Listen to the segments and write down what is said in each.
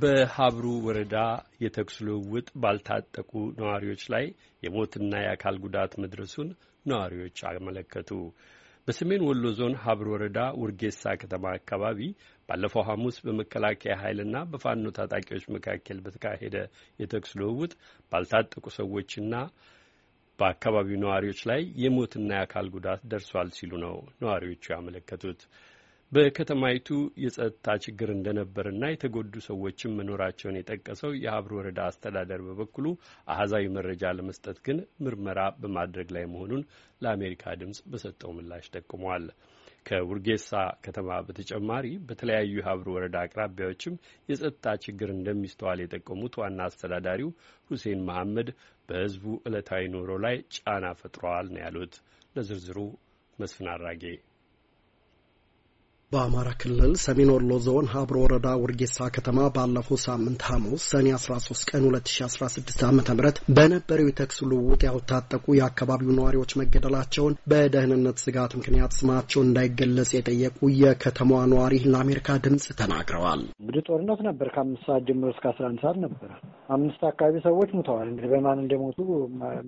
በሀብሩ ወረዳ የተኩስ ልውውጥ ባልታጠቁ ነዋሪዎች ላይ የሞትና የአካል ጉዳት መድረሱን ነዋሪዎች አመለከቱ። በሰሜን ወሎ ዞን ሀብር ወረዳ ውርጌሳ ከተማ አካባቢ ባለፈው ሐሙስ በመከላከያ ኃይልና በፋኖ ታጣቂዎች መካከል በተካሄደ የተኩስ ልውውጥ ባልታጠቁ ሰዎችና በአካባቢው ነዋሪዎች ላይ የሞትና የአካል ጉዳት ደርሷል ሲሉ ነው ነዋሪዎቹ ያመለከቱት። በከተማይቱ የጸጥታ ችግር እንደነበርና የተጎዱ ሰዎችም መኖራቸውን የጠቀሰው የሀብር ወረዳ አስተዳደር በበኩሉ አሃዛዊ መረጃ ለመስጠት ግን ምርመራ በማድረግ ላይ መሆኑን ለአሜሪካ ድምጽ በሰጠው ምላሽ ጠቁሟል። ከውርጌሳ ከተማ በተጨማሪ በተለያዩ የሀብር ወረዳ አቅራቢያዎችም የጸጥታ ችግር እንደሚስተዋል የጠቀሙት ዋና አስተዳዳሪው ሁሴን መሐመድ በህዝቡ ዕለታዊ ኑሮ ላይ ጫና ፈጥረዋል ነው ያሉት። ለዝርዝሩ መስፍን አራጌ በአማራ ክልል ሰሜን ወሎ ዞን ሀብሮ ወረዳ ውርጌሳ ከተማ ባለፈው ሳምንት ሐሙስ ሰኔ 13 ቀን 2016 ዓ ም በነበረው የተኩስ ልውውጥ ያልታጠቁ የአካባቢው ነዋሪዎች መገደላቸውን በደህንነት ስጋት ምክንያት ስማቸው እንዳይገለጽ የጠየቁ የከተማዋ ነዋሪ ለአሜሪካ ድምፅ ተናግረዋል። እንግዲህ ጦርነት ነበር። ከአምስት ሰዓት ጀምሮ እስከ 11 ሰዓት ነበረ። አምስት አካባቢ ሰዎች ሙተዋል። እንግዲህ በማን እንደሞቱ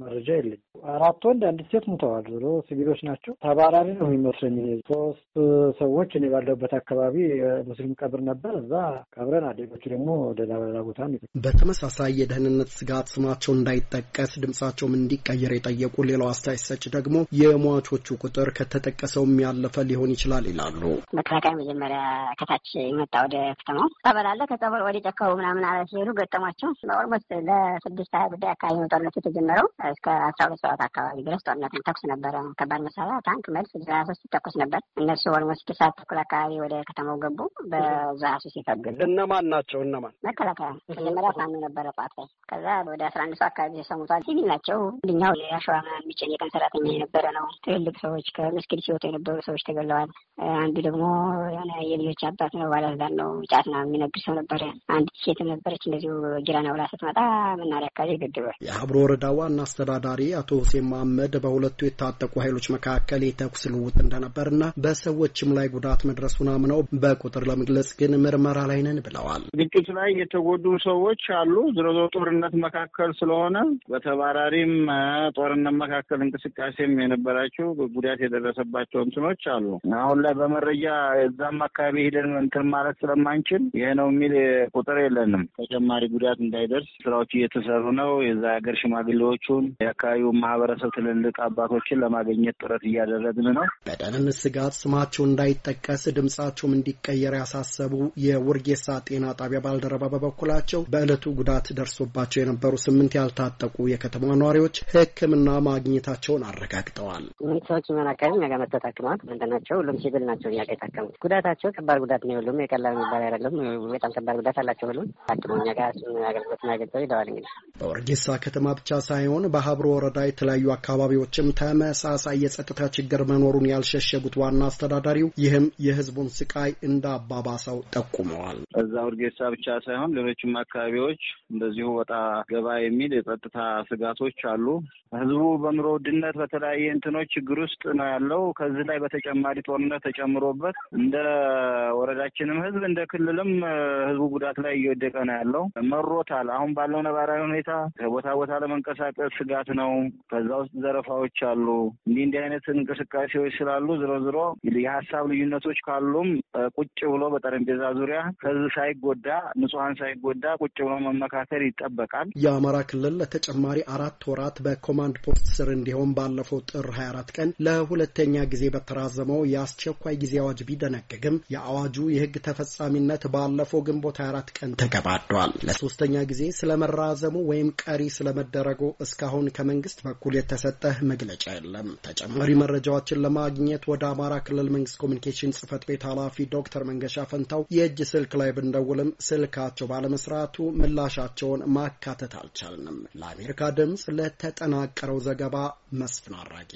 መረጃ የለኝ። አራት ወንድ አንዲት ሴት ሙተዋል። ብሎ ሲቪሎች ናቸው። ተባራሪ ነው የሚመስለኝ ሶስት ሰዎች እኔ ባለሁበት አካባቢ ሙስሊም ቀብር ነበር። እዛ ቀብረን አደጎች ደግሞ ሌላ ሌላ ቦታ። በተመሳሳይ የደህንነት ስጋት ስማቸው እንዳይጠቀስ ድምጻቸውም እንዲቀየር የጠየቁ ሌላው አስተያየት ሰጭ ደግሞ የሟቾቹ ቁጥር ከተጠቀሰውም ያለፈ ሊሆን ይችላል ይላሉ። መከላከያ መጀመሪያ ከታች ይመጣ ወደ ከተማው ጸበል አለ። ከጸበል ወደ ጨካው ምናምን አለ ሲሄዱ ገጠሟቸው። ኦልሞስት ለስድስት ሀያ ጉዳይ አካባቢ ነው ጦርነቱ የተጀመረው። እስከ አስራ ሁለት ሰዓት አካባቢ ድረስ ጦርነትን ተኩስ ነበረ። ከባድ መሳሪያ፣ ታንክ፣ መልስ ሀያ ሶስት ተኩስ ነበር። እነሱ ኦልሞስት ሰዓት ተኩል መከላከያ አካባቢ ወደ ከተማው ገቡ። በዛ ሱስ ይፈግዱ። እነማን ናቸው? እነማን መከላከያ መጀመሪያ ፋኖ ነበረ ጠዋት ላይ። ከዛ ወደ አስራ አንድ ሰው አካባቢ ተሰሙቷል። ሲቪል ናቸው። ድኛው የአሸዋ የሚጭን የቀን ሰራተኛ የነበረ ነው። ትልልቅ ሰዎች ከመስጊድ ሲወጡ የነበሩ ሰዎች ተገለዋል። አንዱ ደግሞ የሆነ የልጆች አባት ነው፣ ባለስልጣን ነው። ጫት ነው የሚነግድ ሰው ነበረ። አንድ ሴት ነበረች እንደዚሁ ጊራና ብላ ስትመጣ መናሪያ አካባቢ ገድሏል። የሀብሮ ወረዳ ዋና አስተዳዳሪ አቶ ሁሴን መሀመድ በሁለቱ የታጠቁ ኃይሎች መካከል የተኩስ ልውውጥ እንደነበርና በሰዎችም ላይ ጉዳት መድረሱን አምነው በቁጥር ለመግለጽ ግን ምርመራ ላይ ነን ብለዋል። ግጭት ላይ የተጎዱ ሰዎች አሉ። ዞሮ ዞሮ ጦርነት መካከል ስለሆነ በተባራሪም ጦርነት መካከል እንቅስቃሴም የነበራቸው ጉዳት የደረሰባቸው እንትኖች አሉ። አሁን ላይ በመረጃ እዛም አካባቢ ሄደን እንትን ማለት ስለማንችል ይሄ ነው የሚል ቁጥር የለንም። ተጨማሪ ጉዳት እንዳይደርስ ስራዎች እየተሰሩ ነው። የዛ ሀገር ሽማግሌዎቹን የአካባቢው ማህበረሰብ ትልልቅ አባቶችን ለማግኘት ጥረት እያደረግን ነው። በደህንነት ስጋት ስማቸው እንዳይጠቀስ በመጥቀስ ድምጻቸውም እንዲቀየር ያሳሰቡ የውርጌሳ ጤና ጣቢያ ባልደረባ በበኩላቸው በዕለቱ ጉዳት ደርሶባቸው የነበሩ ስምንት ያልታጠቁ የከተማ ነዋሪዎች ሕክምና ማግኘታቸውን አረጋግጠዋል። ስምንት ሰዎች የሚሆን አካባቢ እኛ ጋር መጥተው ታክመዋል። ምንድን ናቸው? ሁሉም ሲቪል ናቸው። እኛ ጋር የታከሙት ጉዳታቸው ከባድ ጉዳት ነው። ሁሉም የቀላል የሚባል አይደለም። በጣም ከባድ ጉዳት አላቸው። ሁሉም ታክመው እኛ ጋር አገልግሎት ማግኘው ይለዋል። እንግዲህ በወርጌሳ ከተማ ብቻ ሳይሆን በሀብሮ ወረዳ የተለያዩ አካባቢዎችም ተመሳሳይ የጸጥታ ችግር መኖሩን ያልሸሸጉት ዋና አስተዳዳሪው ይህም የህዝቡን ስቃይ እንዳባባሰው ጠቁመዋል። እዛ ውድጌሳ ብቻ ሳይሆን ሌሎችም አካባቢዎች እንደዚሁ ወጣ ገባ የሚል የጸጥታ ስጋቶች አሉ። ህዝቡ በኑሮ ውድነት በተለያየ እንትኖች ችግር ውስጥ ነው ያለው። ከዚህ ላይ በተጨማሪ ጦርነት ተጨምሮበት እንደ ወረዳችንም ህዝብ እንደ ክልልም ህዝቡ ጉዳት ላይ እየወደቀ ነው ያለው። መሮታል። አሁን ባለው ነባራዊ ሁኔታ ከቦታ ቦታ ለመንቀሳቀስ ስጋት ነው። ከዛ ውስጥ ዘረፋዎች አሉ። እንዲህ እንዲህ አይነት እንቅስቃሴዎች ስላሉ ዝሮ ዝሮ የሀሳብ ልዩነቶች ችግሮች ካሉም ቁጭ ብሎ በጠረጴዛ ዙሪያ ህዝብ ሳይጎዳ ንጹሀን ሳይጎዳ ቁጭ ብሎ መመካከል ይጠበቃል። የአማራ ክልል ለተጨማሪ አራት ወራት በኮማንድ ፖስት ስር እንዲሆን ባለፈው ጥር 24 ቀን ለሁለተኛ ጊዜ በተራዘመው የአስቸኳይ ጊዜ አዋጅ ቢደነግግም የአዋጁ የህግ ተፈጻሚነት ባለፈው ግንቦት 24 ቀን ተገባዷል። ለሶስተኛ ጊዜ ስለመራዘሙ ወይም ቀሪ ስለመደረጉ እስካሁን ከመንግስት በኩል የተሰጠ መግለጫ የለም። ተጨማሪ መረጃዎችን ለማግኘት ወደ አማራ ክልል መንግስት ኮሚኒኬሽን ጽህፈት ቤት ኃላፊ ዶክተር መንገሻ ፈንታው የእጅ ስልክ ላይ ብንደውልም ስልካቸው ባለመስራቱ ምላሻቸውን ማካተት አልቻልንም። ለአሜሪካ ድምፅ ለተጠናቀረው ዘገባ መስፍን አራጌ